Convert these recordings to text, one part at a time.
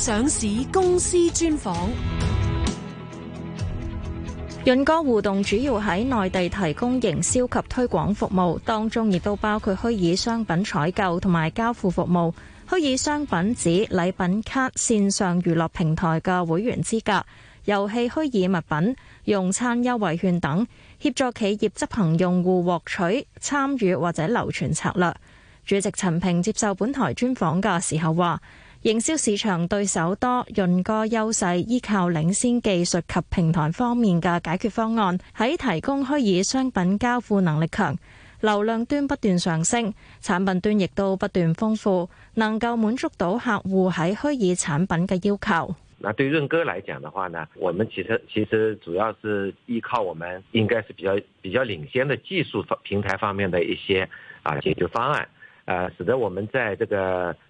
上市公司專訪，潤歌互動主要喺內地提供營銷及推廣服務，當中亦都包括虛擬商品採購同埋交付服務，虛擬商品指禮品卡、線上娛樂平台嘅會員資格、遊戲虛擬物品、用餐優惠券等，協助企業執行用戶獲取、參與或者流傳策略。主席陳平接受本台專訪嘅時候話。營銷市場對手多，潤歌優勢依靠領先技術及平台方面嘅解決方案，喺提供虛擬商品交付能力強，流量端不斷上升，產品端亦都不斷豐富，能夠滿足到客戶喺虛擬產品嘅要求。對潤歌嚟講的話呢？我們其實其實主要是依靠我們，應該是比較比較領先的技術平台方面的一些啊解決方案，啊，使得我們在這個。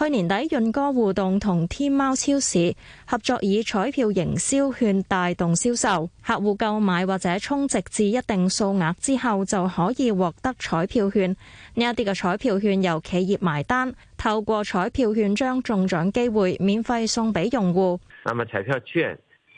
去年底，潤歌互動同天貓超市合作，以彩票營銷券帶動銷售。客戶購買或者充值至一定數額之後，就可以獲得彩票券。呢一啲嘅彩票券由企業埋單，透過彩票券將中獎機會免費送俾用戶。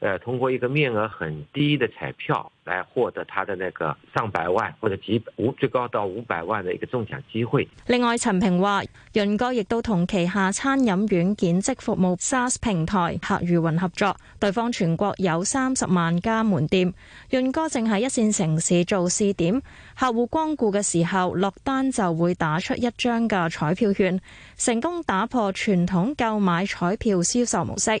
誒，通過一個面額很低的彩票來獲得他的那個上百萬或者幾五最高到五百萬的一個中獎機會。另外，陳平話，潤歌亦都同旗下餐飲軟件即服務 SaaS 平台客如雲合作，對方全國有三十萬家門店，潤歌正喺一線城市做試點，客戶光顧嘅時候落單就會打出一張嘅彩票券，成功打破傳統購買彩票銷售模式。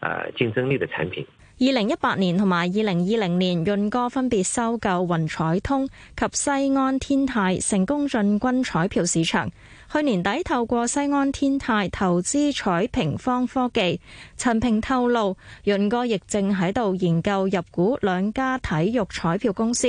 啊，競爭力嘅產品。二零一八年同埋二零二零年，潤歌分別收購雲彩通及西安天泰，成功進軍彩票市場。去年底透過西安天泰投資彩平方科技，陳平透露，潤歌亦正喺度研究入股兩家體育彩票公司。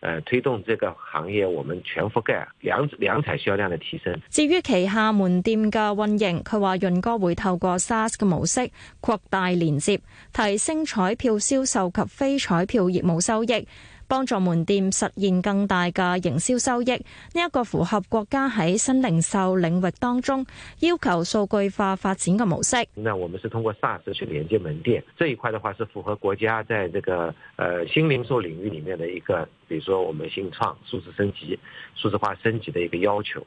誒、嗯，推動這個行業，我們全覆蓋兩兩彩銷量的提升。至於旗下門店嘅運營，佢話潤歌會透過 SaaS 嘅模式擴大連接，提升彩票銷售及非彩票業務收益。幫助門店實現更大嘅營銷收益，呢、這、一個符合國家喺新零售領域當中要求數據化發展嘅模式。那我們是通過 SaaS 去連接門店，這一塊的話是符合國家在那、這個呃新零售領域裏面的一個，比如說我們新創數字升級、數字化升級嘅一個要求。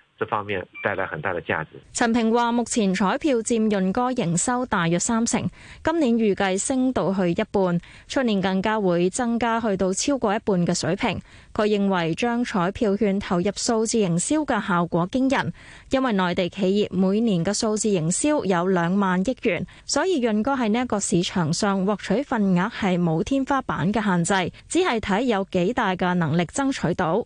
這方面帶來很大的價值。陳平話：目前彩票佔潤哥營收大約三成，今年預計升到去一半，出年更加會增加去到超過一半嘅水平。佢認為將彩票券投入數字營銷嘅效果驚人，因為內地企業每年嘅數字營銷有兩萬億元，所以潤哥喺呢一個市場上獲取份額係冇天花板嘅限制，只係睇有幾大嘅能力爭取到。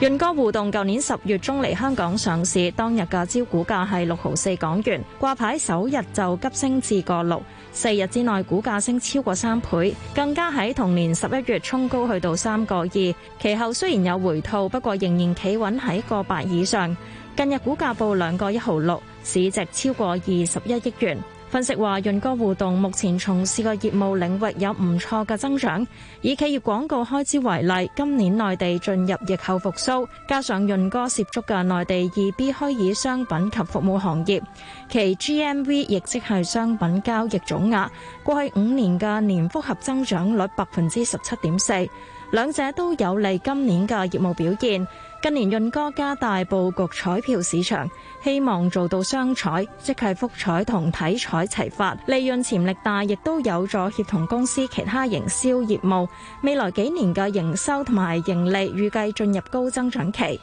潤歌互動舊年十月中嚟香港上市，當日嘅招股價係六毫四港元，掛牌首日就急升至個六，四日之內股價升超過三倍，更加喺同年十一月衝高去到三個二，其後雖然有回吐，不過仍然企穩喺個八以上。近日股價報兩個一毫六，市值超過二十一億元。分析話，潤歌互動目前從事嘅業務領域有唔錯嘅增長。以企業廣告開支為例，今年內地進入疫後復甦，加上潤歌涉足嘅內地二 B 虛擬商品及服務行業，其 GMV 亦即係商品交易總額，過去五年嘅年複合增長率百分之十七點四，兩者都有利今年嘅業務表現。近年潤歌加大佈局彩票市場，希望做到雙彩，即係福彩同體彩齊發，利潤潛力大，亦都有助協同公司其他營銷業務。未來幾年嘅營收同埋盈利預計進入高增長期。